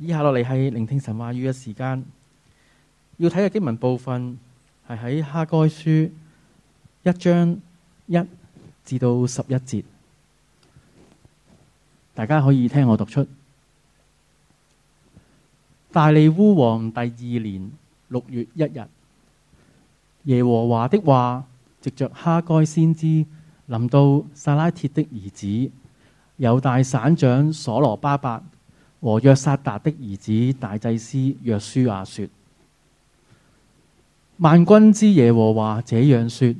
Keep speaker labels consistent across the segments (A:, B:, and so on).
A: 以下落嚟係聆聽神話語嘅時間，要睇嘅經文部分係喺哈該書一章一至到十一節，大家可以聽我讀出。大利烏王第二年六月一日，耶和華的話藉着哈該先知臨到撒拉鐵的兒子猶大省長所羅巴伯。和約撒達的兒子大祭司約書亞說：萬軍之耶和華這樣說：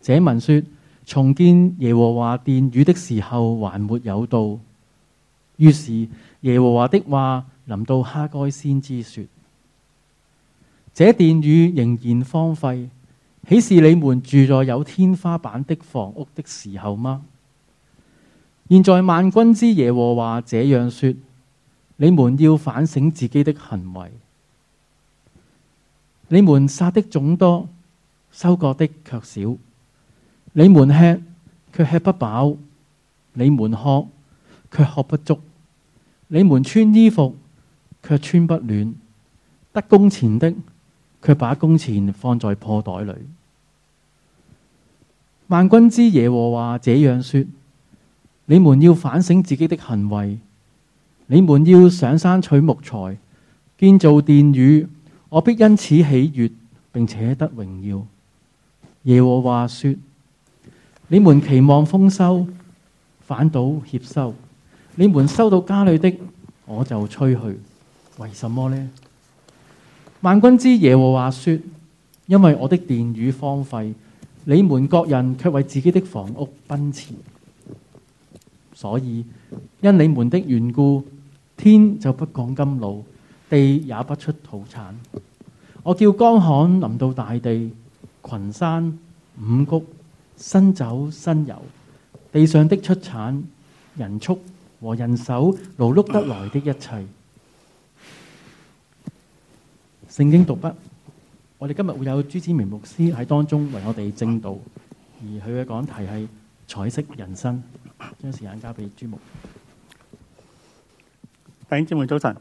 A: 這民說重建耶和華殿宇的時候還沒有，有到，於是耶和華的話臨到哈該先知說：這殿宇仍然荒廢，豈是你們住在有天花板的房屋的時候嗎？現在萬軍之耶和華這樣說：你們要反省自己的行為。你們殺的種多，收割的卻少；你們吃卻吃不飽，你們喝卻喝不足；你們穿衣服卻穿不暖，得工錢的卻把工錢放在破袋裏。萬軍之耶和華這樣說。你們要反省自己的行為，你們要上山取木材，建造殿宇，我必因此喜悦，並且得榮耀。耶和華說：你們期望豐收，反倒歉收；你們收到家裏的，我就吹去。為什麼呢？萬軍之耶和華說：因為我的殿宇荒廢，你們各人卻為自己的房屋奔馳。所以因你們的緣故，天就不降甘露，地也不出土產。我叫乾旱臨到大地，群山五穀，新酒新油，地上的出產、人畜和人手勞碌得來的一切。 聖經讀畢。我哋今日會有朱子明牧師喺當中為我哋證道，而佢嘅講題係彩色人生。將時間交俾朱牧，弟
B: 兄姊妹早晨。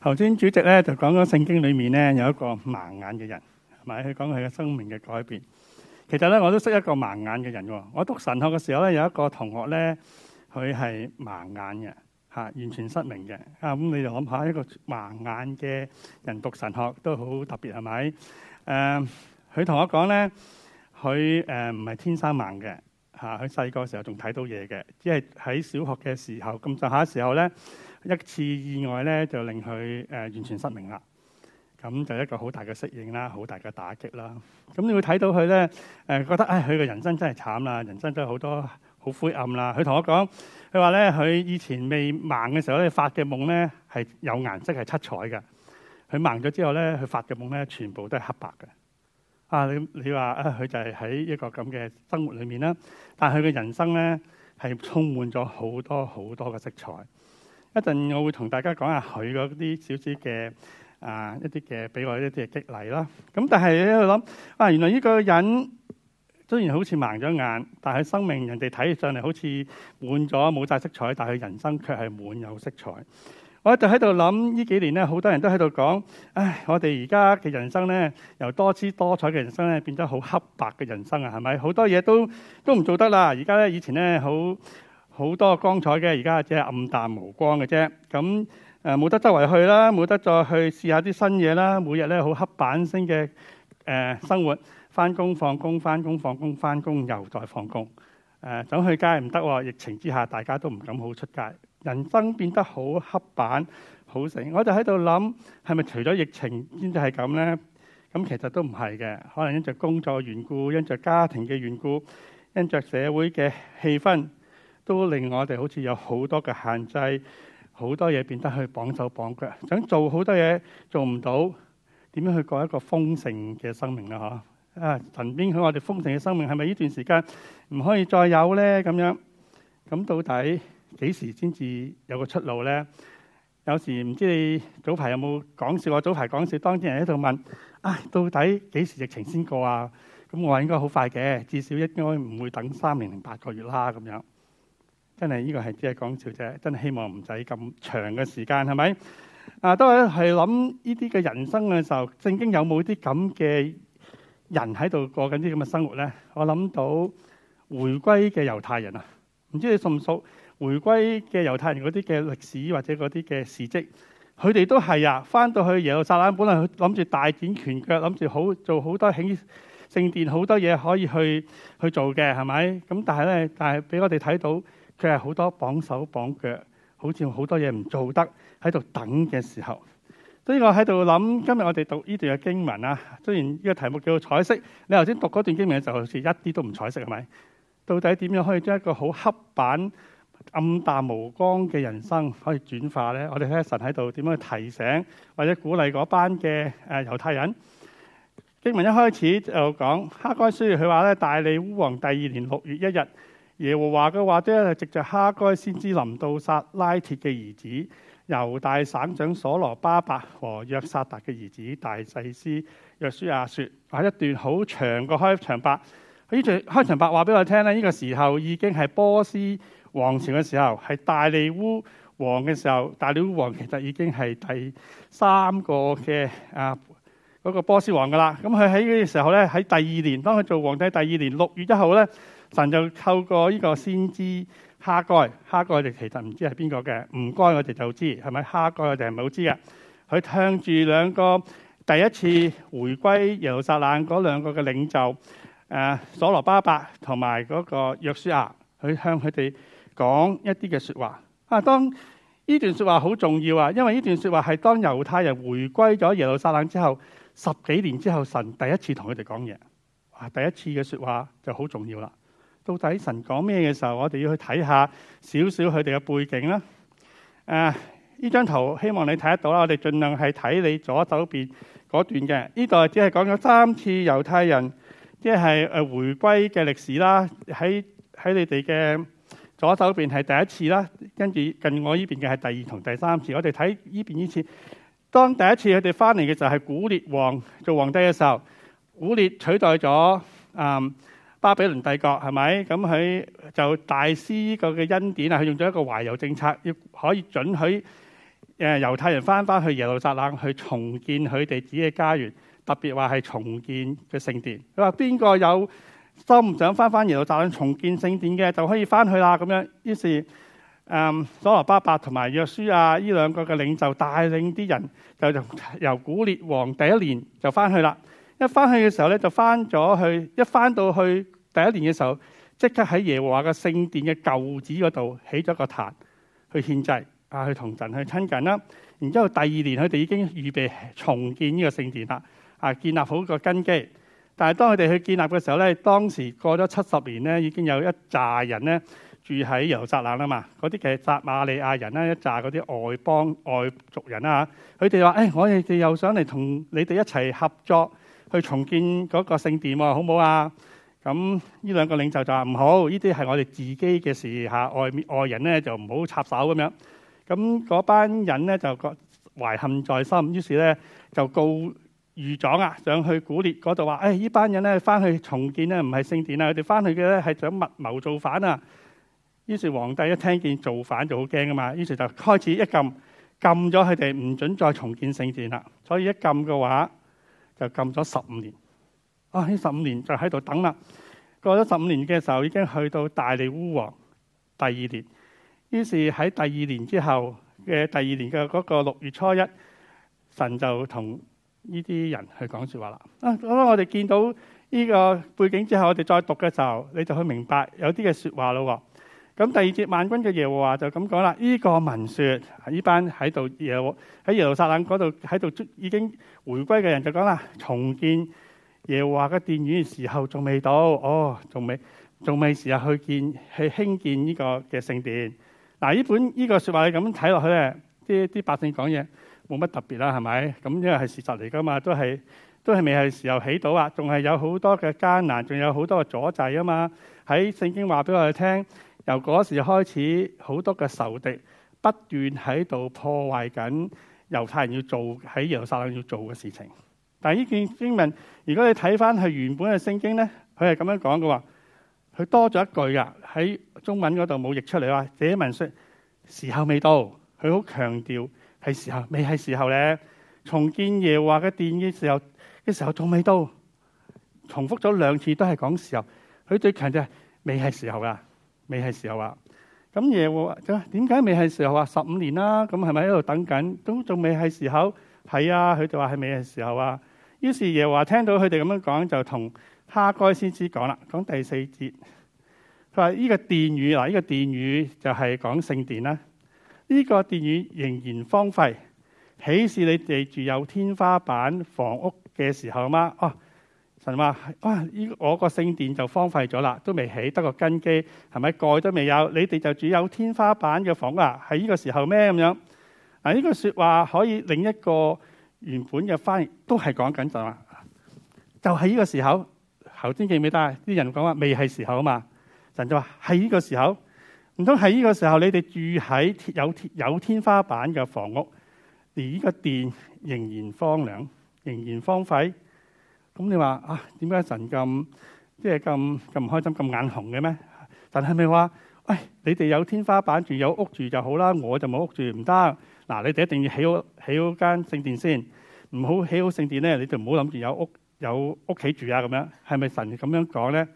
B: 頭先主席咧就講咗聖經裏面咧有一個盲眼嘅人，係咪？佢講佢嘅生命嘅改變。其實咧我都識一個盲眼嘅人。我讀神學嘅時候咧有一個同學咧，佢係盲眼嘅吓、啊，完全失明嘅啊。咁你就諗下一個盲眼嘅人讀神學都好特別，係咪？誒、啊，佢同我講咧，佢誒唔係天生盲嘅。嚇！佢細個時候仲睇到嘢嘅，只係喺小學嘅時候咁上下時候咧，一次意外咧就令佢誒、呃、完全失明啦。咁就一個好大嘅適應啦，好大嘅打擊啦。咁你會睇到佢咧誒覺得唉，佢嘅人生真係慘啦，人生真係好多好灰暗啦。佢同我講，佢話咧佢以前未盲嘅時候咧發嘅夢咧係有顏色係七彩嘅，佢盲咗之後咧佢發嘅夢咧全部都係黑白嘅。啊！你你話啊，佢就係喺一個咁嘅生活裏面啦。但係佢嘅人生咧係充滿咗好多好多嘅色彩。一陣我會同大家講下佢嗰啲小少嘅啊一啲嘅俾我的一啲嘅激勵啦。咁但係咧，我諗啊，原來呢個人雖然好似盲咗眼，但係生命人哋睇上嚟好似滿咗冇晒色彩，但係佢人生卻係滿有色彩。我就喺度諗呢幾年咧，好多人都喺度講，唉，我哋而家嘅人生咧，由多姿多彩嘅人生咧，變得好黑白嘅人生啊，係咪？好多嘢都都唔做得啦。而家咧，以前咧，好好多光彩嘅，而家只係暗淡無光嘅啫。咁誒，冇得周圍去啦，冇得再去試下啲新嘢啦。每日咧，好黑板星嘅誒生活，翻工放工，翻工放工，翻工又再放工。誒，想去街唔得，疫情之下，大家都唔敢好出街。人生變得好刻板、好成，我就喺度諗，係咪除咗疫情先至係咁呢？咁其實都唔係嘅，可能因着工作嘅緣故，因着家庭嘅緣故，因着社會嘅氣氛，都令我哋好似有好多嘅限制，好多嘢變得去綁手綁腳，想做好多嘢做唔到，點樣去過一個豐盛嘅生命啦？嚇！啊，神應許我哋豐盛嘅生命係咪呢段時間唔可以再有呢？咁樣咁到底？幾時先至有個出路咧？有時唔知你早排有冇講笑。我早排講笑，當天人喺度問：啊，到底幾時疫情先過啊？咁我話應該好快嘅，至少應該唔會等三年零八個月啦。咁樣真係呢個係只係講笑啫。真係、呢個、希望唔使咁長嘅時間係咪？啊，都係係諗呢啲嘅人生嘅時候，聖經有冇啲咁嘅人喺度過緊啲咁嘅生活咧？我諗到回歸嘅猶太人啊，唔知你熟唔熟。回歸嘅猶太人嗰啲嘅歷史或者嗰啲嘅事蹟，佢哋都係啊，翻到去耶路撒冷本嚟諗住大展拳腳，諗住好做好多起聖殿好多嘢可以去去做嘅，係咪咁？但係咧，但係俾我哋睇到佢係好多綁手綁腳，好似好多嘢唔做得喺度等嘅時候。所以我喺度諗，今日我哋讀呢段嘅經文啊，雖然呢個題目叫做彩色，你頭先讀嗰段經文就好似一啲都唔彩色係咪？到底點樣可以將一個好黑板暗淡無光嘅人生可以轉化咧，我哋睇神喺度點樣去提醒或者鼓勵嗰班嘅誒、呃、猶太人。經文一開始就講哈該書，佢話咧大利烏王第二年六月一日，耶和華嘅話都係藉着哈該先知臨到撒拉鐵嘅兒子猶大省長所羅巴伯和約撒達嘅兒子大祭司約書亞説，啊，一段好長嘅開場白，佢段開場白話俾我聽咧，呢、呢個時候已經係波斯。王朝嘅時候係大利烏王嘅時候，大利烏王，王其實已經係第三個嘅啊嗰、那個、波斯王噶啦。咁佢喺嗰啲時候咧，喺第二年，當佢做皇帝第二年六月一號咧，神就透過呢個先知哈該，哈該我哋其實唔知係邊個嘅，唔該我哋就知係咪哈該我哋係好知嘅。佢向住兩個第一次回歸耶路撒冷嗰兩個嘅領袖，誒所羅巴伯同埋嗰個約書亞，佢向佢哋。講一啲嘅說話啊，當呢段說話好重要啊，因為呢段說話係當猶太人回歸咗耶路撒冷之後十幾年之後，神第一次同佢哋講嘢啊，第一次嘅說話就好重要啦。到底神講咩嘅時候，我哋要去睇下少少佢哋嘅背景啦。誒、啊，呢張圖希望你睇得到啦，我哋盡量係睇你左手邊嗰段嘅呢度，只係講咗三次猶太人即係誒回歸嘅歷史啦。喺喺你哋嘅。左手邊係第一次啦，跟住近我依邊嘅係第二同第三次。我哋睇依邊依次，當第一次佢哋翻嚟嘅就係古列王做皇帝嘅時候，古列取代咗啊巴比倫帝國係咪？咁佢就大施依個嘅恩典啊，佢用咗一個懷柔政策，要可以准許誒猶太人翻翻去耶路撒冷去重建佢哋自己嘅家園，特別話係重建嘅聖殿。佢話邊個有，都唔想翻翻耶路撒冷重建聖殿嘅，就可以翻去啦咁樣。於是，嗯，所羅巴伯同埋約書亞呢兩個嘅領袖，帶領啲人就由古列王第一年就翻去啦。一翻去嘅時候咧，就翻咗去。一翻到去第一年嘅時候，即刻喺耶和華嘅聖殿嘅舊址嗰度起咗個壇去獻祭啊，去同神去親近啦。然之後第二年，佢哋已經預備重建呢個聖殿啦，啊，建立好個根基。但係當佢哋去建立嘅時候咧，當時過咗七十年咧，已經有一扎人咧住喺耶路撒冷啦嘛。嗰啲嘅撒瑪利亞人咧，一扎嗰啲外邦外族人啊，佢哋話，誒、哎，我哋哋又想嚟同你哋一齊合作去重建嗰個聖殿喎，好唔好啊？咁呢兩個領袖就話唔好，呢啲係我哋自己嘅事嚇，外面外人咧就唔好插手咁樣。咁嗰班人咧就覺懷恨在心，於是咧就告。預咗啊！上去古列嗰度話：「誒、哎、呢班人咧翻去重建咧，唔係聖殿啊。佢哋翻去嘅咧係想密謀造反啊。於是皇帝一聽見造反就好驚啊嘛。於是就開始一禁禁咗佢哋，唔准再重建聖殿啦。所以一禁嘅話就禁咗十五年啊。呢十五年就喺度等啦。過咗十五年嘅時候，已經去到大利烏王第二年。於是喺第二年之後嘅第二年嘅嗰個六月初一，神就同呢啲人去講説話啦。咁、啊、我哋見到呢個背景之後，我哋再讀嘅時候，你就去明白有啲嘅説話啦。咁第二節萬軍嘅耶和華就咁講啦。呢、這個民説，呢班喺度耶喺耶路撒冷嗰度喺度已經回歸嘅人就講啦，重建耶和華嘅殿宇時候仲未到，哦，仲未仲未時候去建去興建呢個嘅聖殿。嗱、啊，呢本呢個説話你咁樣睇落去咧，啲啲百姓講嘢。冇乜特別啦，係咪？咁因為係事實嚟噶嘛，都係都係未係時候起到啊，仲係有好多嘅艱難，仲有好多嘅阻滯啊嘛。喺聖經話俾我哋聽，由嗰時開始，好多嘅仇敵不斷喺度破壞緊猶太人要做喺耶路撒冷要做嘅事情。但係呢件經文，如果你睇翻佢原本嘅聖經咧，佢係咁樣講嘅話，佢多咗一句噶，喺中文嗰度冇譯出嚟啊。這文説時候未到，佢好強調。係時候，未係時候咧。重建耶和華嘅殿嘅時候嘅時候仲未到。重複咗兩次都係講時候。佢最近就係、是、未係時候啊，未係時候啊。咁耶和華點解未係時候啊？十五年啦，咁係咪喺度等緊？都仲未係時候。係啊，佢就話係未係時候啊。於是耶和華聽到佢哋咁樣講，就同哈該先知講啦，講第四節。佢話呢個殿宇嗱，呢、這個殿宇就係講聖殿啦。呢個殿宇仍然荒廢，豈是你哋住有天花板房屋嘅時候嘛？哦、啊，神話哇！依、啊、我個聖殿就荒廢咗啦，都未起，得個根基係咪？蓋都未有，你哋就住有天花板嘅房啊？係呢個時候咩咁樣？啊，呢、這、句、個、說話可以另一個原本嘅翻譯都係講緊就話，就係、是、呢個時候。頭先記唔記得，但係啲人講話未係時候啊嘛。神就話係呢個時候。唔通喺呢個時候，你哋住喺有天有天花板嘅房屋，而、這、呢個殿仍然荒涼，仍然荒廢，咁你話啊？點解神咁即係咁咁唔開心、咁眼紅嘅咩？但係咪話，喂、哎，你哋有天花板住、有屋住就好啦，我就冇屋住唔得。嗱，你哋一定要起好起好間聖殿先，唔好起好聖殿咧，你就唔好諗住有屋有屋企住啊！咁樣係咪神咁樣講咧？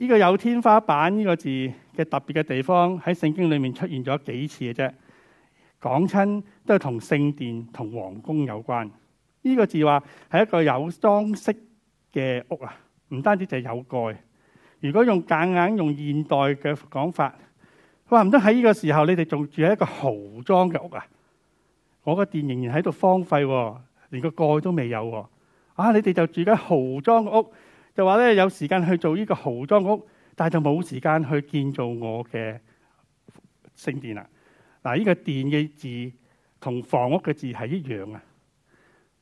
B: 呢個有天花板呢個字嘅特別嘅地方喺聖經裏面出現咗幾次嘅啫，講親都係同聖殿同皇宮有關。呢個字話係一個有裝飾嘅屋啊，唔單止就係有蓋。如果用夾硬用現代嘅講法，佢話唔得喺呢個時候你哋仲住喺一個豪裝嘅屋啊！我個殿仍然喺度荒廢、啊，連個蓋都未有啊，啊！你哋就住喺豪裝嘅屋。就話咧，有時間去做呢個豪裝屋，但係就冇時間去建造我嘅聖殿啦。嗱，呢個殿嘅字同房屋嘅字係一樣啊。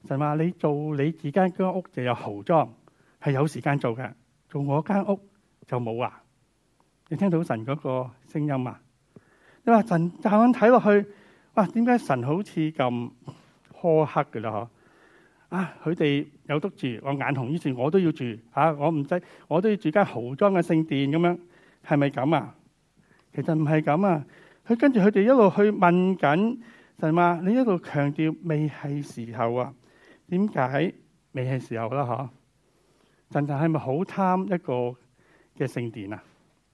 B: 神話你做你自己間屋就有豪裝，係有時間做嘅，做我間屋就冇啊。你聽到神嗰個聲音啊？你話神慢慢睇，落去，哇，點解神好似咁苛刻噶啦？嗬？啊！佢哋有得住我眼紅，於是，我都要住吓、啊，我唔使，我都要住間豪裝嘅聖殿咁樣，係咪咁啊？其實唔係咁啊！佢跟住佢哋一路去問緊神話，你一路強調未係時候啊？點解未係時候啦、啊？嗬、啊？神就係咪好貪一個嘅聖殿啊？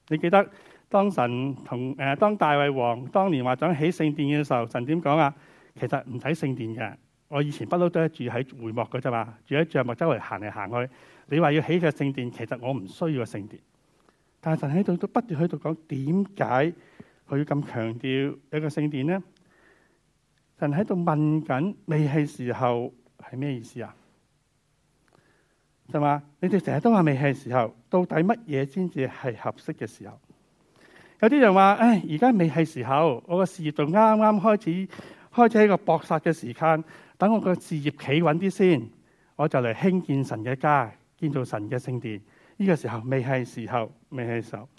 B: 你記得當神同誒、呃、當大衛王當年話想起聖殿嘅時候，神點講啊？其實唔使聖殿嘅。我以前不嬲都係住喺會幕嘅啫嘛，住喺帳幕周圍行嚟行去。你話要起個聖殿，其實我唔需要個聖殿。但係神喺度都不斷喺度講，點解佢要咁強調一個聖殿呢？神喺度問緊，未係時候係咩意思啊？就話，你哋成日都話未係時候，到底乜嘢先至係合適嘅時候？有啲人話：唉、哎，而家未係時候，我個事業仲啱啱開始。開始喺個搏殺嘅時間，等我個事業企穩啲先，我就嚟興建神嘅家，建造神嘅聖殿。呢個時候未係時候，未係時候。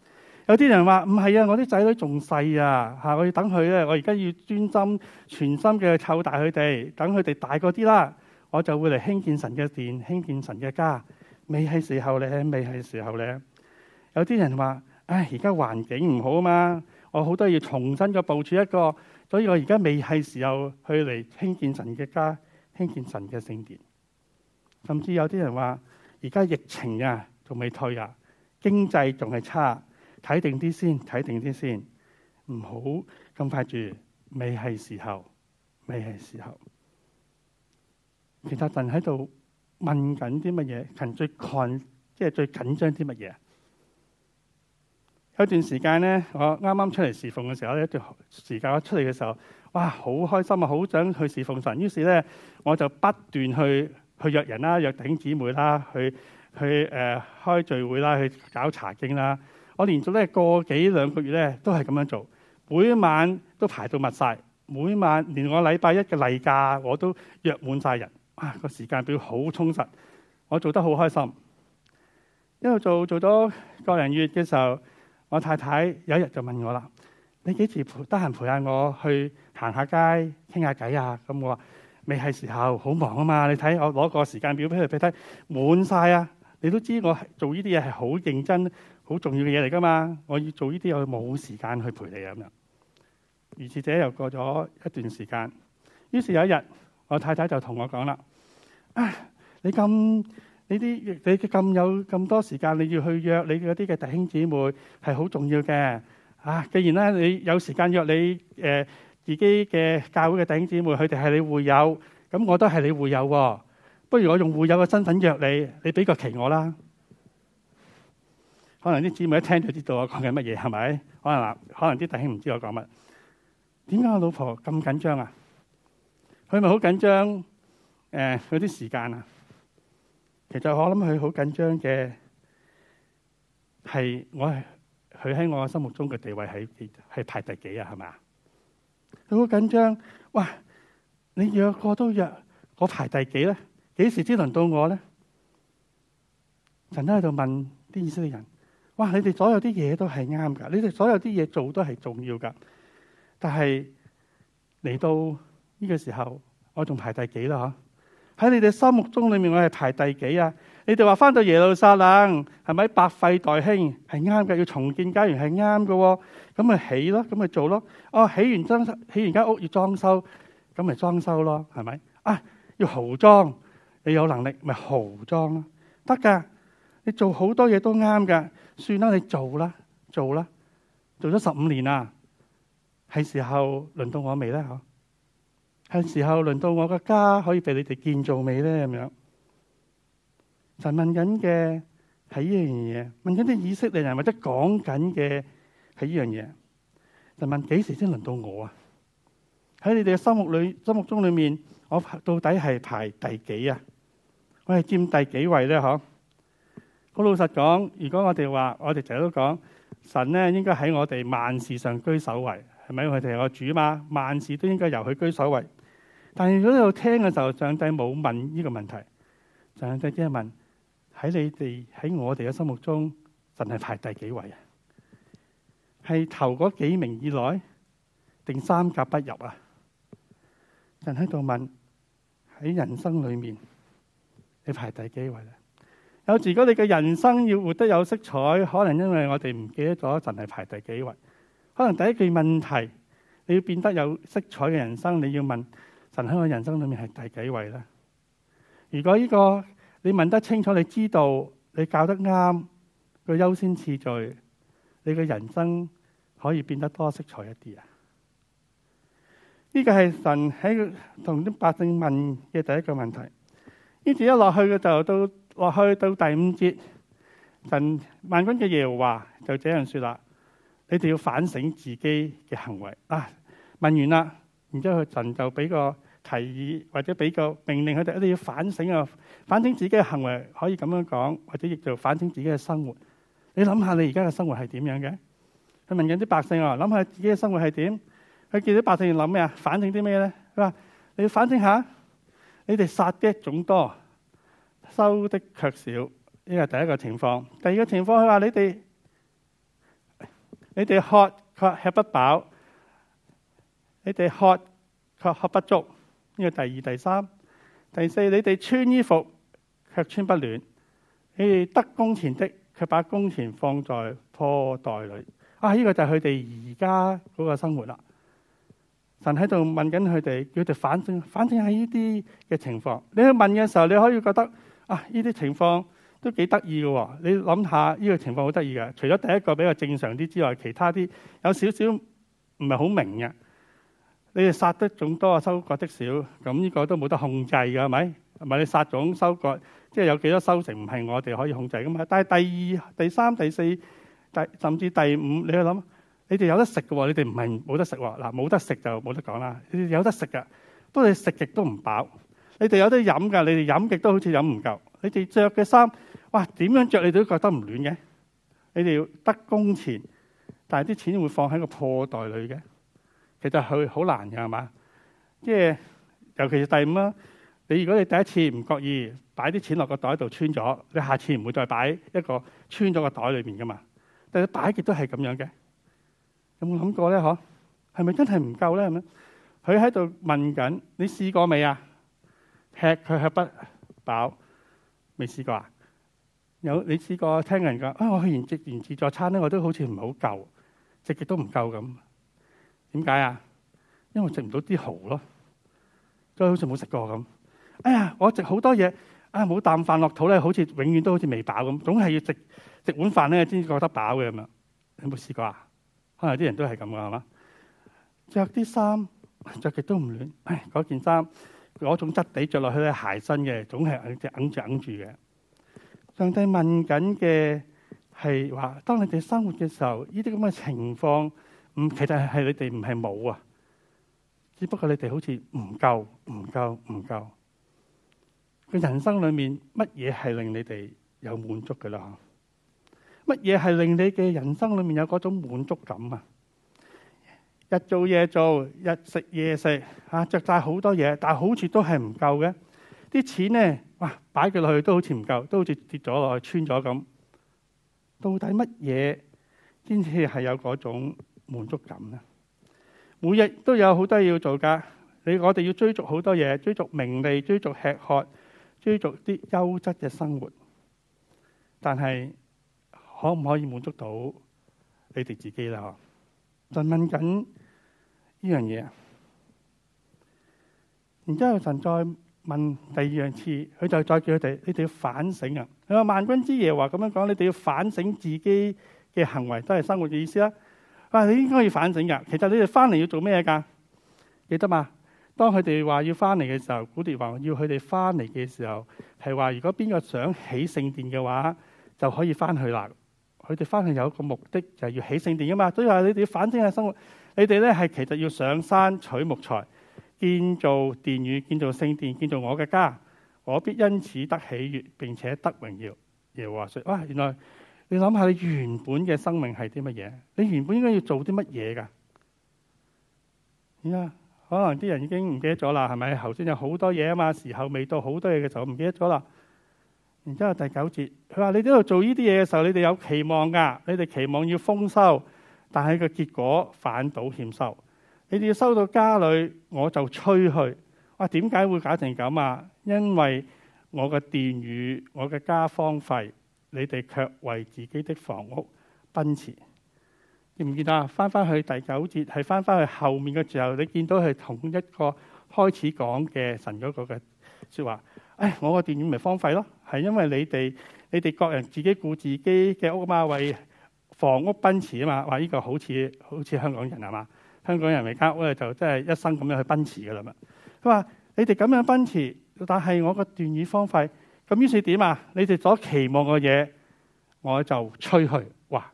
B: 有啲人話唔係啊，我啲仔女仲細啊，吓我要等佢咧，我而家要專心全心嘅湊大佢哋，等佢哋大個啲啦，我就會嚟興建神嘅殿，興建神嘅家。未係時候咧，未係時候咧。有啲人話：唉，而家環境唔好啊嘛，我好多要重新個部署一個。所以我而家未係時候去嚟興建神嘅家、興建神嘅聖殿。甚至有啲人話而家疫情啊，仲未退啊，經濟仲係差，睇定啲先，睇定啲先，唔好咁快住，未係時候，未係時候。其實神喺度問緊啲乜嘢，神最緊即係最緊張啲乜嘢？有段時間咧，我啱啱出嚟侍奉嘅時候咧，一段時間我出嚟嘅時候，哇！好開心啊，好想去侍奉神。於是咧，我就不斷去去約人啦，約弟兄姊妹啦，去去誒、呃、開聚會啦，去搞查經啦。我連續咧個幾兩個月咧，都係咁樣做，每晚都排到密晒。每晚連我禮拜一嘅例假我都約滿晒人。哇！這個時間表好充實，我做得好開心。因為做做咗個零月嘅時候。我太太有一日就問我啦：你幾時得閒陪下我去行下街傾下偈啊？咁、嗯、我話未係時候，好忙啊嘛！你睇我攞個時間表俾佢俾睇，滿晒啊！你都知我做呢啲嘢係好認真、好重要嘅嘢嚟噶嘛？我要做呢啲，我冇時間去陪你啊咁樣。如是者又過咗一段時間，於是有一日，我太太就同我講啦：唉，你咁。呢啲你咁有咁多時間，你要去約你嗰啲嘅弟兄姊妹係好重要嘅啊！既然咧你有時間約你誒自己嘅教會嘅弟兄姊妹，佢哋係你會友，咁我都係你會友喎。不如我用會友嘅身份約你，你俾個期我啦。可能啲姊妹一聽就知道我講緊乜嘢，係咪？可能可能啲弟兄唔知我講乜。點解我老婆咁緊張啊？佢咪好緊張誒？嗰啲時間啊！其實我諗佢好緊張嘅，係我佢喺我心目中嘅地位係係排第幾啊？係咪？佢好緊張。哇！你約個都約，我排第幾咧？幾時先輪到我咧？陳生喺度問啲以色列人：哇！你哋所有啲嘢都係啱噶，你哋所有啲嘢做都係重要噶，但係嚟到呢個時候，我仲排第幾啦？嗬？喺你哋心目中裏面，我係排第幾啊？你哋話翻到耶路撒冷，係咪百廢待興？係啱嘅，要重建家園係啱嘅。咁咪起咯，咁咪做咯。哦，起完裝修起完間屋要裝修，咁咪裝修咯，係咪？啊，要豪裝，你有能力咪豪裝咯，得噶。你做好多嘢都啱噶，算啦，你做啦，做啦，做咗十五年啦，係時候輪到我未咧吓？係時候輪到我嘅家可以俾你哋建造未咧？咁樣神問緊嘅係呢樣嘢，問緊啲以色列人或者講緊嘅係呢樣嘢。神問幾時先輪到我啊？喺你哋嘅心目裏、心目中裏面，我到底係排第幾啊？我係佔第幾位咧？嗬？好老實講，如果我哋話，我哋成日都講，神咧應該喺我哋萬事上居首位。係咪佢哋係我主嘛？萬事都應該由佢居所為。但係如果你度聽嘅時候，上帝冇問呢個問題。上帝只係問：喺你哋喺我哋嘅心目中，神係排第幾位啊？係頭嗰幾名以內，定三甲不入啊？人喺度問：喺人生裏面，你排第幾位咧？有時如果你嘅人生要活得有色彩，可能因為我哋唔記得咗，神係排第幾位。可能第一句問題，你要變得有色彩嘅人生，你要問神喺我人生裏面係第幾位咧？如果呢個你問得清楚，你知道你教得啱個優先次序，你嘅人生可以變得多色彩一啲啊！呢個係神喺同啲百姓問嘅第一個問題。呢是，一落去嘅就到落去到第五節，神萬軍嘅耶和華就這樣說啦。你哋要反省自己嘅行為啊！問完啦，然之後神就俾個提議或者俾個命令佢哋，一定要反省啊！反省自己嘅行為，可以咁樣講，或者亦就反省自己嘅生活。你諗下你而家嘅生活係點樣嘅？佢問緊啲百姓啊，諗下自己嘅生活係點？佢見到百姓要諗咩啊？反省啲咩咧？佢話：你要反省下，你哋殺的種多，收的卻少，呢個係第一個情況。第二個情況，佢話你哋。你哋喝卻吃不飽，你哋喝卻喝不足，呢個第二、第三、第四，你哋穿衣服卻穿不暖，你哋得工錢的卻把工錢放在破袋裏，啊！呢個就係佢哋而家嗰個生活啦。神喺度問緊佢哋，佢哋反正反正係呢啲嘅情況。你去問嘅時候，你可以覺得啊，呢啲情況。都幾得意嘅喎！你諗下，呢個情況好得意嘅。除咗第一個比較正常啲之外，其他啲有少少唔係好明嘅。你哋殺得種多啊，收割的少，咁呢個都冇得控制嘅，係咪？係咪你殺種收割，即係有幾多收成唔係我哋可以控制咁啊？但係第二、第三、第四、第甚至第五，你去諗，你哋有得食嘅喎，你哋唔係冇得食喎。嗱，冇得食就冇得講啦。你哋有得食嘅，不過你食極都唔飽。你哋有得飲嘅，你哋飲極都好似飲唔夠。你哋着嘅衫，哇，點樣着你都覺得唔暖嘅？你哋要得工錢，但係啲錢會放喺個破袋裏嘅。其實佢好難嘅，係嘛？即係尤其是第五啦。你如果你第一次唔覺意擺啲錢落個袋度穿咗，你下次唔會再擺一個穿咗個袋裏面噶嘛。但係擺極都係咁樣嘅。有冇諗過咧？嗬，係咪真係唔夠咧？係咪？佢喺度問緊，你試過未啊？吃佢吃不飽。未試過啊！有你試過聽人講啊、哎，我去完食完自助餐咧，我都好似唔係好夠，食極都唔夠咁。點解啊？因為食唔到啲蠔咯，都係好似冇食過咁。哎呀，我食好多嘢啊，冇啖飯落肚咧，好似永遠都好似未飽咁，總係要食食碗飯咧先至覺得飽嘅咁樣。你有冇試過啊？可能有啲人都係咁嘅係嘛？著啲衫着極都唔暖，嗰、哎、件衫。嗰種質地著落去咧鞋身嘅，總係硬住硬住嘅。上帝問緊嘅係話：當你哋生活嘅時候，呢啲咁嘅情況，唔其實係你哋唔係冇啊，只不過你哋好似唔夠、唔夠、唔夠。佢人生裏面乜嘢係令你哋有滿足嘅啦？嚇，乜嘢係令你嘅人生裏面有嗰種滿足感啊？日做夜做，日食夜食，啊着晒好多嘢，但係好處都係唔夠嘅。啲錢咧，哇擺佢落去都好似唔夠，都好似跌咗落去穿咗咁。到底乜嘢先至係有嗰種滿足感咧？每日都有好多嘢要做噶，你我哋要追逐好多嘢，追逐名利，追逐吃喝，追逐啲優質嘅生活。但係可唔可以滿足到你哋自己啦？仲問緊？呢樣嘢，然之後神再問第二樣次，佢就再叫佢哋，你哋要反省啊！佢話萬軍之耶華咁樣講，你哋要反省自己嘅行為，都係生活嘅意思啦。啊，你應該要反省噶。其實你哋翻嚟要做咩噶？記得嘛？當佢哋話要翻嚟嘅時候，古列話要佢哋翻嚟嘅時候，係話如果邊個想起聖殿嘅話，就可以翻去啦。佢哋翻去有一個目的，就係要起聖殿噶嘛。所以話你哋要反省下生活。你哋咧係其實要上山取木材，建造殿宇，建造聖殿，建造我嘅家，我必因此得喜悅，並且得榮耀。耶和華話說：哇，原來你諗下你原本嘅生命係啲乜嘢？你原本應該要做啲乜嘢噶而家可能啲人已經唔記得咗啦，係咪？頭先有好多嘢啊嘛，時候未到，好多嘢嘅時候唔記得咗啦。然之後第九節，佢話你喺度做呢啲嘢嘅時候，你哋有期望噶，你哋期望要豐收。但係個結果反倒欠收，你哋要收到家裏，我就催去。哇、啊，點解會搞成咁啊？因為我嘅殿宇，我嘅家荒廢，你哋卻為自己的房屋奔馳。見唔見啊？翻翻去第九節，係翻翻去後面嘅時候，你見到係同一個開始講嘅神嗰個嘅說話。唉、哎，我嘅殿宇咪荒廢咯，係因為你哋，你哋各人自己顧自己嘅屋嘛，位。房屋奔馳啊嘛，話呢個好似好似香港人係嘛，香港人未交屋咧就真係一生咁樣去奔馳噶啦嘛。佢話：你哋咁樣奔馳，但係我個殿荒廢，咁於是點啊？你哋所期望嘅嘢，我就吹去，話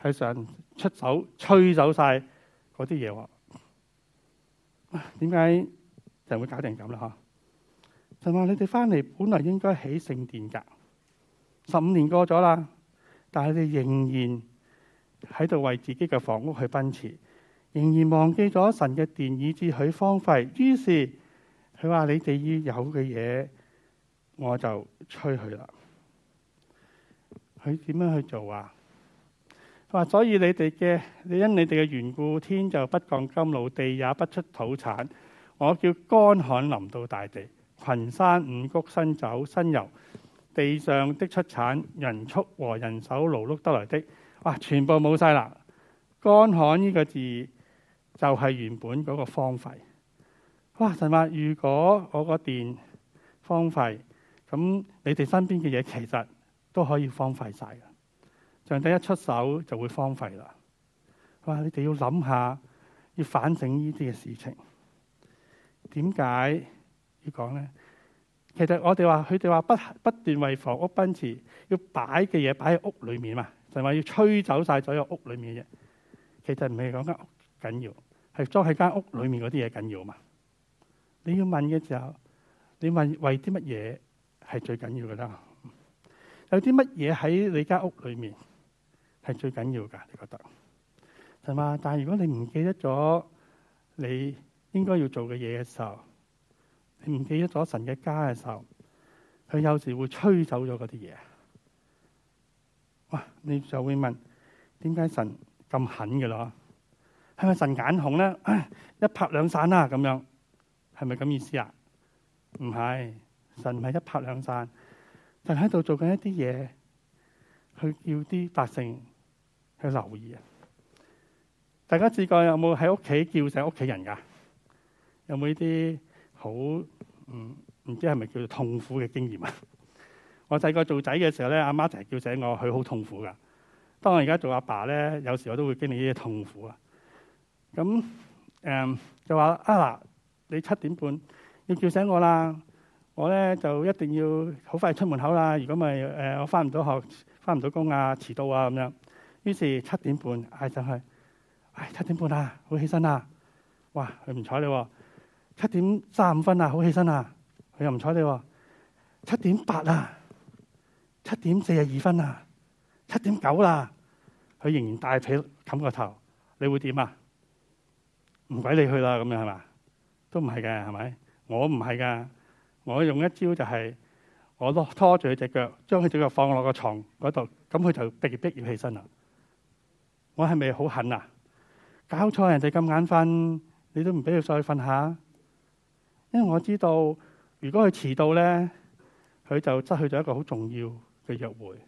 B: 係想出手吹走晒嗰啲嘢。點解就會搞成咁啦？嚇！就話你哋翻嚟本來應該起聖殿噶，十五年過咗啦，但係你哋仍然。喺度為自己嘅房屋去奔馳，仍然忘記咗神嘅殿，以致佢荒廢。於是佢話：你哋要有嘅嘢，我就吹去啦。佢點樣去做啊？佢話所以你哋嘅你因你哋嘅緣故，天就不降甘露，地也不出土產。我叫乾旱臨到大地，群山五穀、新酒、新油，地上的出產，人畜和人手勞碌得來的。哇！全部冇晒啦，乾旱呢個字就係原本嗰個荒廢。哇！神啊，如果我個電荒廢，咁你哋身邊嘅嘢其實都可以荒廢晒啦。上帝一出手就會荒廢啦。哇！你哋要諗下，要反省呢啲嘅事情。點解要講咧？其實我哋話佢哋話不不斷為房屋奔馳，要擺嘅嘢擺喺屋裏面嘛。就話要吹走晒所有屋裏面嘅嘢，其實唔係講間屋緊要，係裝喺間屋裏面嗰啲嘢緊要嘛？你要問嘅時候，你問為啲乜嘢係最緊要嘅啦？有啲乜嘢喺你間屋裏面係最緊要噶？你覺得？係嘛？但係如果你唔記得咗你應該要做嘅嘢嘅時候，你唔記得咗神嘅家嘅時候，佢有時會吹走咗嗰啲嘢。哇！你就會問點解神咁狠嘅咯？係咪神眼紅咧、哎？一拍兩散啦、啊、咁樣，係咪咁意思啊？唔係，神唔係一拍兩散，就喺度做緊一啲嘢，去叫啲百姓去留意啊！大家試過有冇喺屋企叫醒屋企人噶？有冇呢啲好、嗯、唔知係咪叫做痛苦嘅經驗啊？我細個做仔嘅時候咧，阿媽就係叫醒我，佢好痛苦噶。當我而家做阿爸咧，有時我都會經歷呢啲痛苦、嗯、啊。咁誒就話：啊嗱，你七點半要叫醒我啦，我咧就一定要好快出門口啦。如果咪誒我翻唔到學、翻唔到工啊、遲到啊咁樣。於是七點半嗌上去，唉，七點半啦、啊，好起身啦、啊。哇，佢唔睬你喎。七點三五分啊，好起身啊。佢又唔睬你喎。七點八啊。七點四十二分啦、啊，七點九啦、啊，佢仍然大被冚個頭，你會點啊？唔鬼你去啦咁樣係嘛？都唔係嘅係咪？我唔係噶，我用一招就係、是，我拖住佢隻腳，將佢隻腳放落個床嗰度，咁佢就逼迫，要起身啦。我係咪好狠啊？搞錯人哋咁眼瞓，你都唔俾佢再瞓下，因為我知道如果佢遲到咧，佢就失去咗一個好重要嘅約會，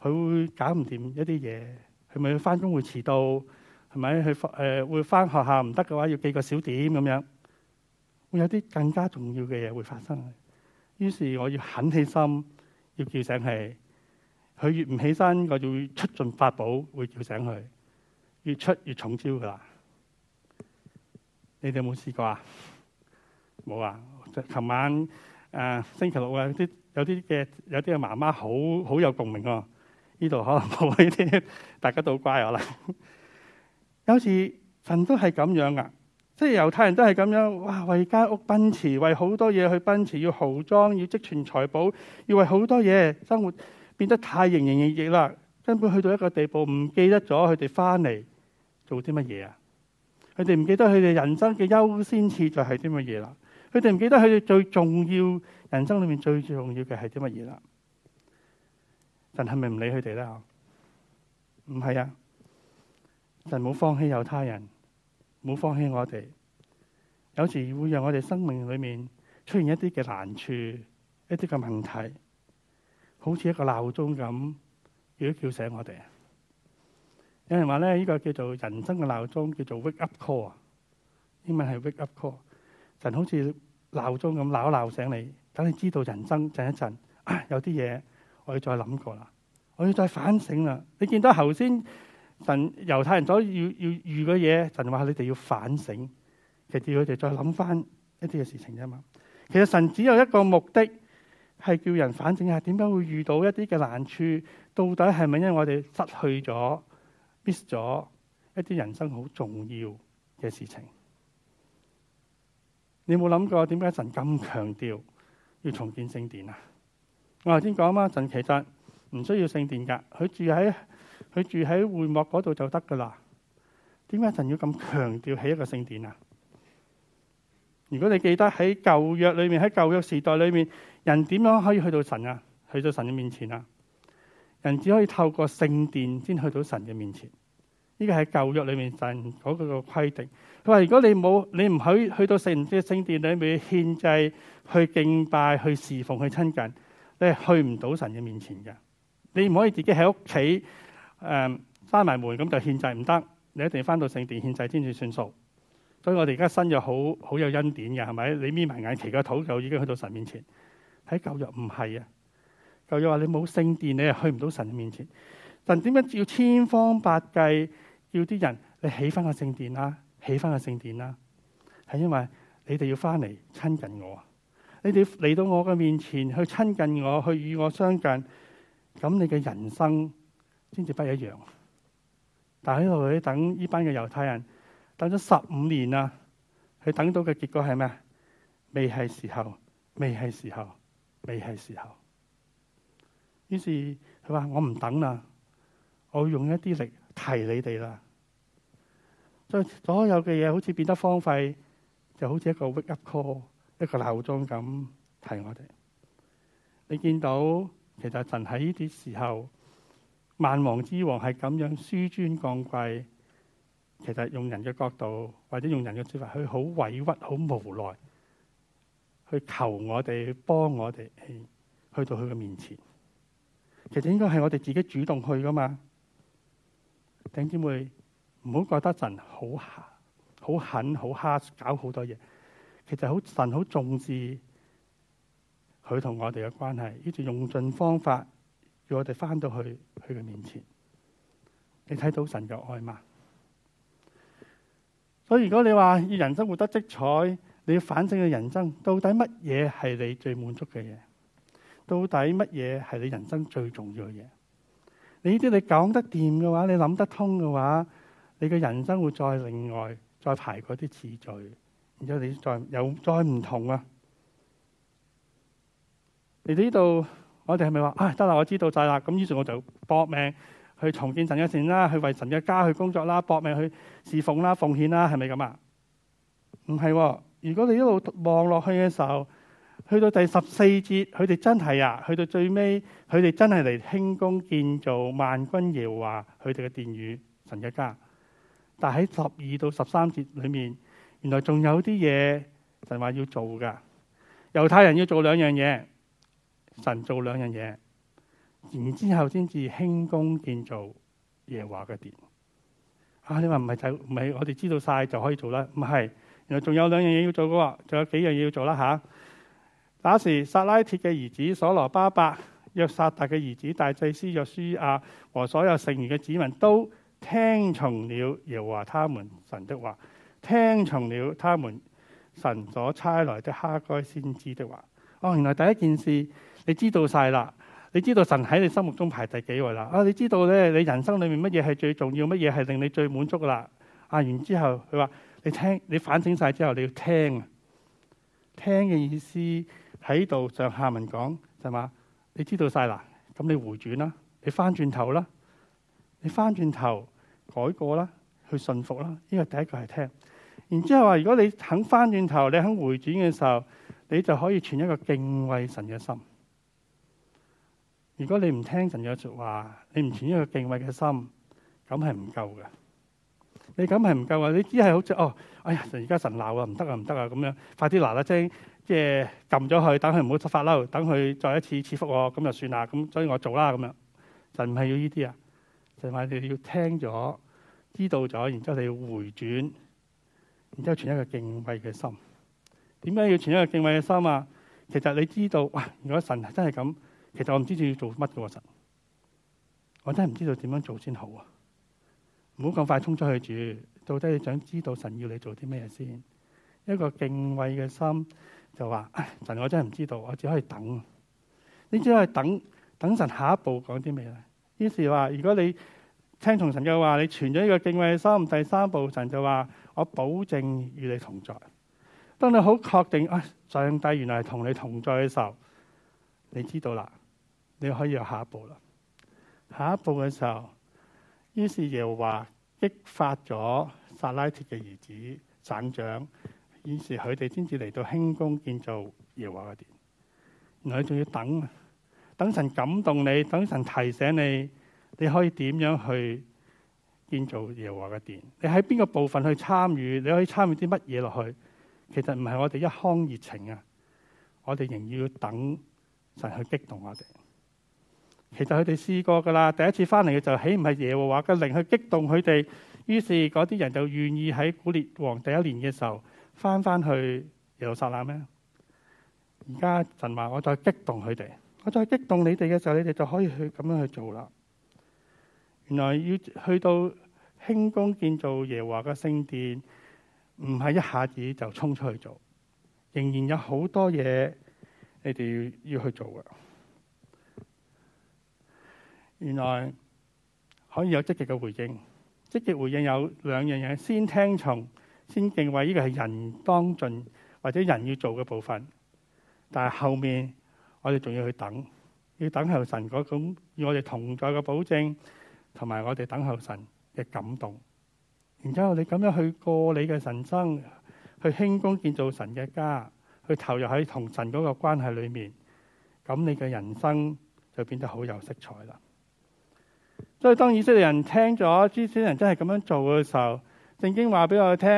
B: 佢會搞唔掂一啲嘢，係咪去翻工會遲到？係咪去誒會翻學校唔得嘅話，要幾個小點咁樣？會有啲更加重要嘅嘢會發生。於是我要狠起心，要叫醒佢。佢越唔起身，我就越出盡法寶，會叫醒佢。越出越重招噶啦！你哋有冇試過啊？冇啊！琴晚誒星期六啊啲。有啲嘅有啲嘅媽媽好好有共鳴啊！呢度可能冇呢啲，大家都好乖我啦。有時神都係咁樣噶，即係猶太人都係咁樣，哇！為間屋奔馳，為好多嘢去奔馳，要豪裝，要積存財寶，要為好多嘢生活變得太營營役役啦，根本去到一個地步，唔記得咗佢哋翻嚟做啲乜嘢啊！佢哋唔記得佢哋人生嘅優先次序係啲乜嘢啦。佢哋唔記得佢哋最重要人生裏面最重要嘅係啲乜嘢啦？但係咪唔理佢哋啦？唔係啊！就冇放棄猶太人，冇放棄我哋。有時會讓我哋生命裏面出現一啲嘅難處，一啲嘅問題，好似一個鬧鐘咁，如果叫醒我哋。有人話咧，呢個叫做人生嘅鬧鐘，叫做 wake up call。英文係 wake up call。神好似鬧鐘咁鬧一鬧醒你，等你知道人生，震一震。啊，有啲嘢我要再諗過啦，我要再反省啦。你見到頭先神猶太人所要要遇嘅嘢，神話你哋要反省，其實叫佢哋再諗翻一啲嘅事情啫嘛。其實神只有一個目的，係叫人反省下，下點解會遇到一啲嘅難處？到底係咪因為我哋失去咗、miss 咗一啲人生好重要嘅事情？你有冇諗過點解神咁強調要重建聖殿啊？我頭先講啊嘛，神其實唔需要聖殿噶佢住喺佢住喺會幕嗰度就得噶啦點解神要咁強調起一個聖殿啊？如果你記得喺舊約裏面，喺舊約時代裏面，人點樣可以去到神啊？去到神嘅面前啊？人只可以透過聖殿先去到神嘅面前。呢個係舊約裏面神嗰個規定。佢話：如果你冇，你唔許去到聖主嘅聖殿裏面獻祭、去敬拜、去侍奉、去親近，你係去唔到神嘅面前嘅。你唔可以自己喺屋企誒閂埋門，咁就獻祭唔得，你一定要翻到聖殿獻祭先至算數。所以我哋而家新約好好有恩典嘅，係咪？你眯埋眼，祈個禱就已經去到神面前。喺舊約唔係啊，舊約話你冇聖殿，你係去唔到神嘅面前。但點解要千方百計？要啲人你起翻個聖殿啦，起翻個聖殿啦，係因為你哋要翻嚟親近我，你哋嚟到我嘅面前去親近我，去與我相近，咁你嘅人生先至不一樣。但喺度等呢班嘅猶太人等咗十五年啊，佢等到嘅結果係咩？未係時候，未係時候，未係時候。於是佢話：我唔等啦，我用一啲力。提你哋啦，所以所有嘅嘢好似變得荒廢，就好似一個 wake up call，一個鬧鐘咁提我哋。你見到其實神喺呢啲時候，萬王之王係咁樣屈尊降貴，其實用人嘅角度或者用人嘅做法，佢好委屈、好無奈，去求我哋、幫我哋去到佢嘅面前。其實應該係我哋自己主動去噶嘛。弟兄妹，唔好覺得神好好狠、好 h 搞好多嘢。其實好神好重視佢同我哋嘅關係，於是用盡方法要我哋翻到去佢嘅面前。你睇到神嘅愛嘛？所以如果你話要人生活得精彩，你要反省嘅人生，到底乜嘢係你最滿足嘅嘢？到底乜嘢係你人生最重要嘅嘢？你啲你講得掂嘅話，你諗得通嘅話，你嘅人生會再另外，再排嗰啲次序，然之後你再有再唔同啊！嚟到呢度，我哋係咪話啊，得啦，我知道晒啦，咁於是我就搏命去重建神嘅線啦，去為神嘅家去工作啦，搏命去侍奉啦、奉獻啦，係咪咁啊？唔係，如果你一路望落去嘅時候。去到第十四節，佢哋真係啊！去到最尾，佢哋真係嚟輕功建造萬軍耶和華佢哋嘅殿宇神一家。但喺十二到十三節裏面，原來仲有啲嘢神話要做噶。猶太人要做兩樣嘢，神做兩樣嘢，然之後先至輕功建造耶和華嘅殿。啊，你話唔係就唔係？我哋知道晒就可以做啦？唔係，原來仲有兩樣嘢要做噶喎，仲有幾樣嘢要做啦吓。那時撒拉鐵嘅兒子所羅巴伯、約撒達嘅兒子大祭司約書亞和所有剩餘嘅子民都聽從了耶和華他們神的話，聽從了他們神所差來的哈該先知的話。哦，原來第一件事你知道晒啦，你知道神喺你心目中排第幾位啦。啊，你知道咧，你人生裏面乜嘢係最重要，乜嘢係令你最滿足啦。啊，然之後佢話你聽，你反省晒之後你要聽，聽嘅意思。喺度上下文講就係話，你知道晒啦，咁你回轉啦，你翻轉頭啦，你翻轉頭改過啦，去信服啦，呢個第一個係聽。然之後話，如果你肯翻轉頭，你肯回轉嘅時候，你就可以存一個敬畏神嘅心。如果你唔聽神嘅説話，你唔存一個敬畏嘅心，咁係唔夠嘅。你咁係唔夠啊！你只係好似：「哦，哎呀，而家神鬧啊，唔得啊，唔得啊，咁樣快啲嗱嗱聲。即係撳咗佢，等佢唔好出發嬲，等佢再一次恥復我，咁就算啦。咁所以我做啦咁樣，神唔係要呢啲啊，神話你要聽咗、知道咗，然之後你要回轉，然之後存一個敬畏嘅心。點解要存一個敬畏嘅心啊？其實你知道，哇！如果神係真係咁，其實我唔知要做乜嘅喎，神，我真係唔知道點樣做先好啊！唔好咁快衝出去住，到底你想知道神要你做啲咩先？一個敬畏嘅心。就話、哎：神，我真係唔知道，我只可以等。你只可以等等神下一步講啲咩咧？於是話：如果你聽從神嘅話，你存咗呢個敬畏心，第三步神就話：我保證與你同在。當你好確定啊、哎，上帝原來係同你同在嘅時候，你知道啦，你可以有下一步啦。下一步嘅時候，於是耶和華激發咗撒拉鐵嘅兒子省長。於是佢哋先至嚟到興宮建造耶和華嘅殿，原來佢仲要等，等神感動你，等神提醒你，你可以點樣去建造耶和華嘅殿？你喺邊個部分去參與？你可以參與啲乜嘢落去？其實唔係我哋一腔熱情啊，我哋仍然要等神去激動我哋。其實佢哋試過噶啦，第一次翻嚟嘅時候，豈唔係耶和華嘅靈去激動佢哋，於是嗰啲人就願意喺古列王第一年嘅時候。翻翻去耶路撒冷咩？而家神話，我再激動佢哋，我再激動你哋嘅時候，你哋就可以去咁樣去做啦。原來要去到興功建造耶和華嘅聖殿，唔係一下子就衝出去做，仍然有好多嘢你哋要,要去做嘅。原來可以有積極嘅回應，積極回應有兩樣嘢，先聽從。先敬畏呢、這個係人當盡或者人要做嘅部分，但係後面我哋仲要去等，要等候神嗰種與我哋同在嘅保證，同埋我哋等候神嘅感動。然之後你咁樣去過你嘅神生，去興工建造神嘅家，去投入喺同神嗰個關係裏面，咁你嘅人生就變得好有色彩啦。所以當以色列人聽咗，以色列人真係咁樣做嘅時候。聖經話俾我聽，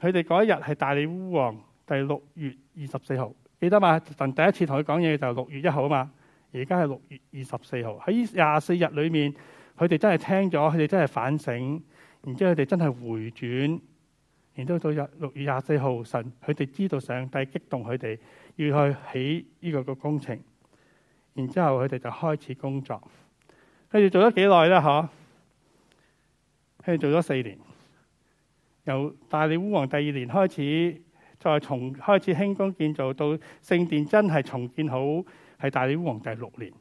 B: 佢哋嗰一日係大利烏王第六月二十四號，記得嘛？神第一次同佢講嘢就六月一號啊嘛，而家係六月二十四號。喺廿四日裏面，佢哋真係聽咗，佢哋真係反省，然之後佢哋真係回轉，然之後到日六月廿四號，神佢哋知道上帝激動佢哋要去起呢個個工程，然之後佢哋就開始工作。跟住做咗幾耐咧？嗬，佢哋做咗四年。由大利烏王第二年開始，再從開始興工建造到聖殿真係重建好，係大利烏王第六年。喺、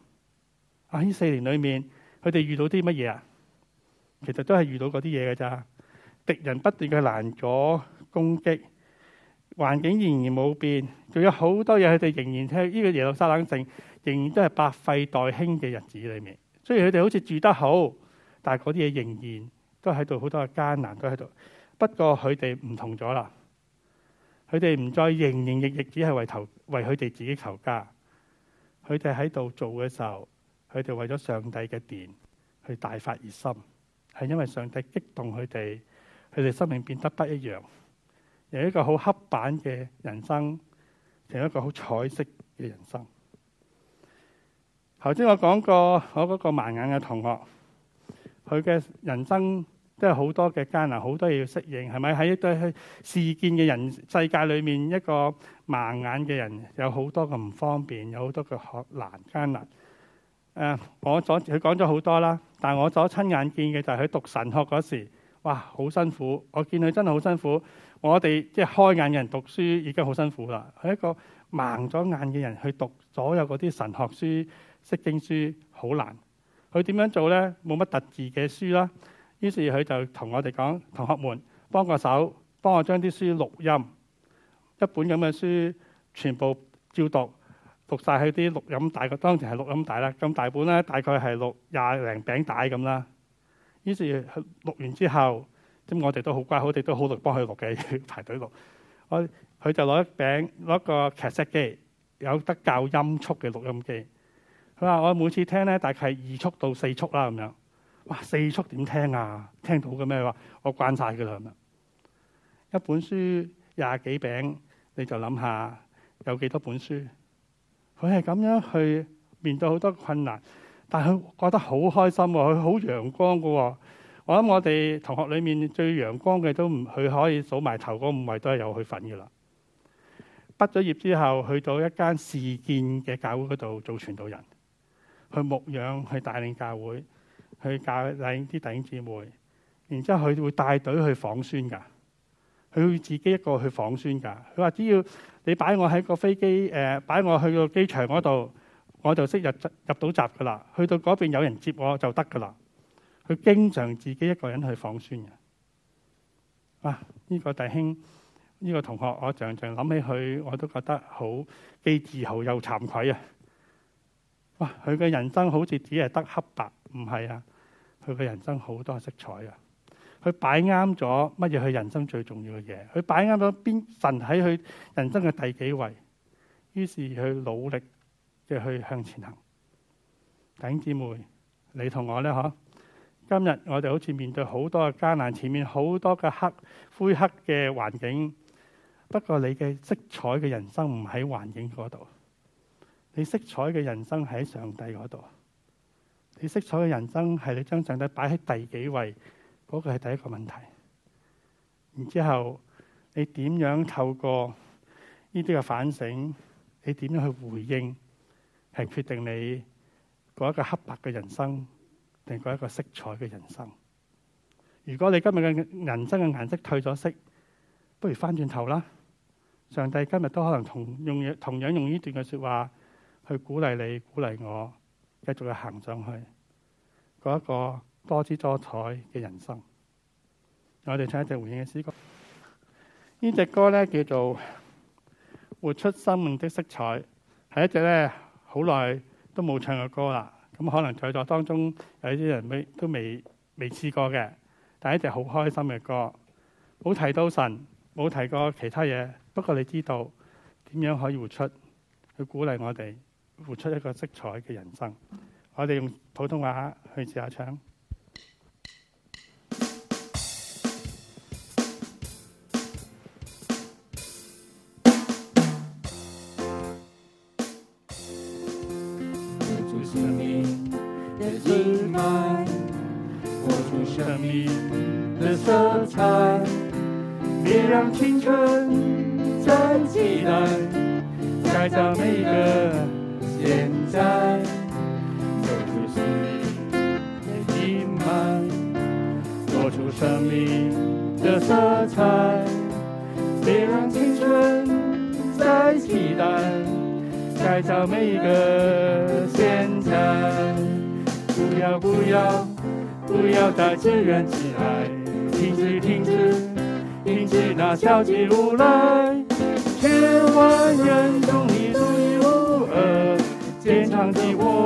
B: 啊、呢四年裏面，佢哋遇到啲乜嘢啊？其實都係遇到嗰啲嘢噶咋敵人不斷嘅攔阻攻擊，環境仍然冇變，仲有好多嘢佢哋仍然喺呢、呢個耶路撒冷城，仍然都係百廢待興嘅日子裏面。雖然佢哋好似住得好，但係嗰啲嘢仍然都喺度，好多嘅艱難都喺度。不過佢哋唔同咗啦，佢哋唔再營營役役，只係為投為佢哋自己求家。佢哋喺度做嘅時候，佢哋為咗上帝嘅電去大發熱心，係因為上帝激動佢哋，佢哋生命變得不一樣，由一個好黑板嘅人生，成一個好彩色嘅人生。頭先我講過，我嗰個盲眼嘅同學，佢嘅人生。都係好多嘅艱難，好多嘢要適應，係咪？喺一堆視見嘅人世界裏面，一個盲眼嘅人，有好多個唔方便，有好多個難艱難。誒、啊，我咗佢講咗好多啦，但係我所親眼見嘅就係佢讀神學嗰時，哇，好辛苦！我見佢真係好辛苦。我哋即係開眼嘅人讀書已經好辛苦啦，佢一個盲咗眼嘅人去讀所有嗰啲神學書、聖經書，好難。佢點樣做咧？冇乜特字嘅書啦。於是佢就同我哋講：同學們，幫個手，幫我將啲書錄音。一本咁嘅書，全部照讀，讀晒佢啲錄音帶。佢當時係錄音帶大啦，咁大本咧，大概係錄廿零餅帶咁啦。於是佢錄完之後，咁我哋都好乖，好哋都好力幫佢錄嘅排隊錄。我佢就攞一餅，攞個劇式機，有得校音速嘅錄音機。佢話：我每次聽咧，大概二速到四速啦咁樣。哇！四速點聽啊？聽到嘅咩話？我慣晒噶啦，一本書廿幾餅，你就諗下有幾多本書？佢係咁樣去面對好多困難，但係佢覺得好開心。佢好陽光嘅喎。我諗我哋同學裏面最陽光嘅都唔佢可以數埋頭嗰五位都係有佢份噶啦。畢咗業之後，去到一間事件嘅教會嗰度做傳道人，去牧養，去帶領教會。去教領啲弟兄姊妹，然之後佢會帶隊去訪宣噶，佢會自己一個去訪宣噶。佢話只要你擺我喺個飛機誒、呃，擺我去到機場嗰度，我就識入入到閘噶啦。去到嗰邊有人接我就得噶啦。佢經常自己一個人去訪宣嘅。啊，呢、這個弟兄呢、這個同學，我常常諗起佢，我都覺得好既自豪又慚愧啊！哇，佢嘅人生好似只係得黑白。唔係啊，佢嘅人生好多色彩啊，佢擺啱咗乜嘢佢人生最重要嘅嘢？佢擺啱咗邊神喺佢人生嘅第幾位？於是佢努力嘅去向前行。弟兄姊妹，你同我咧，吓，今日我哋好似面對好多嘅艱難，前面好多嘅黑灰黑嘅環境。不過你嘅色彩嘅人生唔喺環境嗰度，你色彩嘅人生喺上帝嗰度。你色彩嘅人生係你將上帝擺喺第幾位？嗰個係第一個問題。然之後你點樣透過呢啲嘅反省，你點樣去回應，係決定你過一個黑白嘅人生，定過一個色彩嘅人生？如果你今日嘅人生嘅顏色褪咗色，不如翻轉頭啦。上帝今日都可能同用同樣用呢段嘅說話去鼓勵你，鼓勵我。繼續去行上去，過一個多姿多彩嘅人生。我哋唱一隻回應嘅詩歌，歌呢隻歌咧，叫做《活出生命的色彩》，係一隻咧好耐都冇唱嘅歌啦。咁可能在座當中有啲人未都未未試過嘅，但係一隻好開心嘅歌。冇提到神，冇提過其他嘢，不過你知道點樣可以活出，去鼓勵我哋。付出一個色彩嘅人生，Okay. 我哋用普通話去試下唱。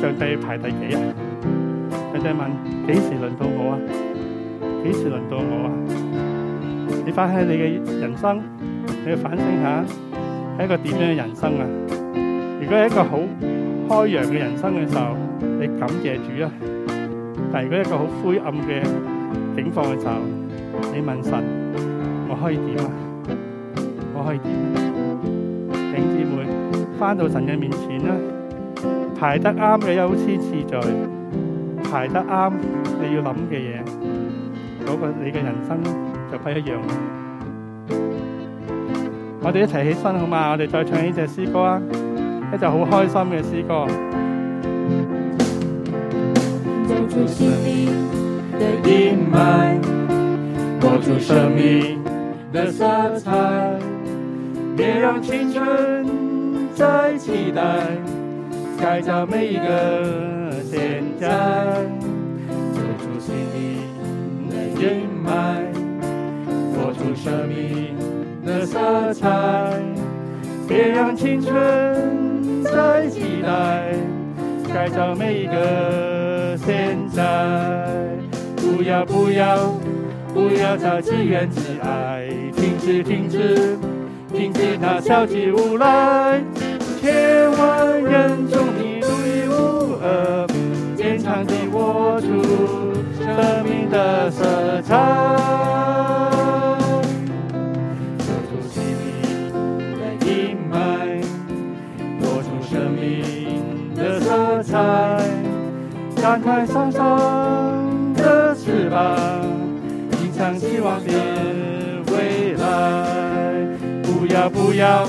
B: 上帝排第幾啊？上帝問：幾時輪到我啊？幾時輪到我啊？你翻睇你嘅人生，你去反省下，係一個點樣嘅人生啊？如果係一個好開揚嘅人生嘅時候，你感謝主啊！但係如果一個好灰暗嘅境況嘅時候，你問神：我可以點啊？我可以點啊？弟兄姊妹翻到神嘅面前啦！排得啱嘅優先次序，排得啱你要諗嘅嘢，嗰個你嘅人生就不一樣。我哋一齊起身好嘛？我哋再唱呢隻詩歌啊！一隻好開心嘅詩歌。走
A: 出生
C: 命的陰霾，活出生命的色彩，別讓青春再期待。改造每一個現在，走出心裏的陰霾，活出生命的色彩。別讓青春再期待，改造每一個現在。不要不要不要再自怨自艾，停止停止停止那消極無奈千萬人中你獨一無二，堅強地活出生命的色彩，走出心底的陰霾，活出生命的色彩，展開雙雙的翅膀，迎向希望的未來。 不要，不要。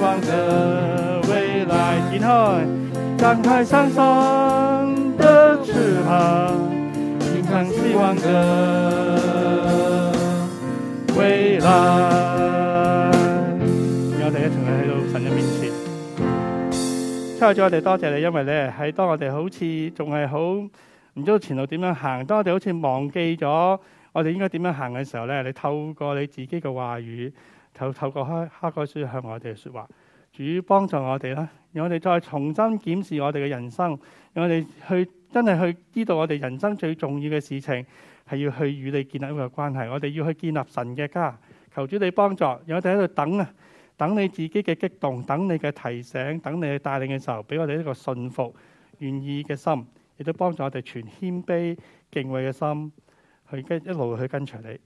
C: 希望的未來，展開展翅的翅膀，迎向希望的未來。我哋一齊喺度，
B: 神嘅面前。親愛我哋多謝你，因為咧，喺當我哋好似仲係好唔知道前路點樣行，當我哋好似忘記咗我哋應該點樣行嘅時候咧，你透過你自己嘅話語。透透過黑黑鬼書向我哋說話，主幫助我哋啦，讓我哋再重新檢視我哋嘅人生，讓我哋去真係去知道我哋人生最重要嘅事情係要去與你建立一個關係，我哋要去建立神嘅家，求主你幫助，讓我哋喺度等啊，等你自己嘅激動，等你嘅提醒，等你去帶領嘅時候，俾我哋一個信服願意嘅心，亦都幫助我哋存謙卑敬畏嘅心去跟一路去跟隨你。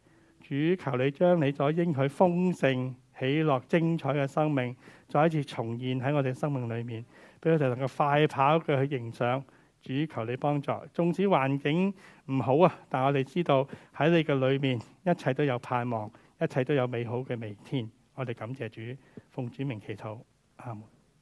B: 主求你將你所應許豐盛、喜樂、精彩嘅生命再一次重現喺我哋生命裏面，俾我哋能夠快跑嘅去迎上主，求你幫助。縱使環境唔好啊，但我哋知道喺你嘅裏面，一切都有盼望，一切都有美好嘅明天。我哋感謝主，奉主名祈禱，阿門。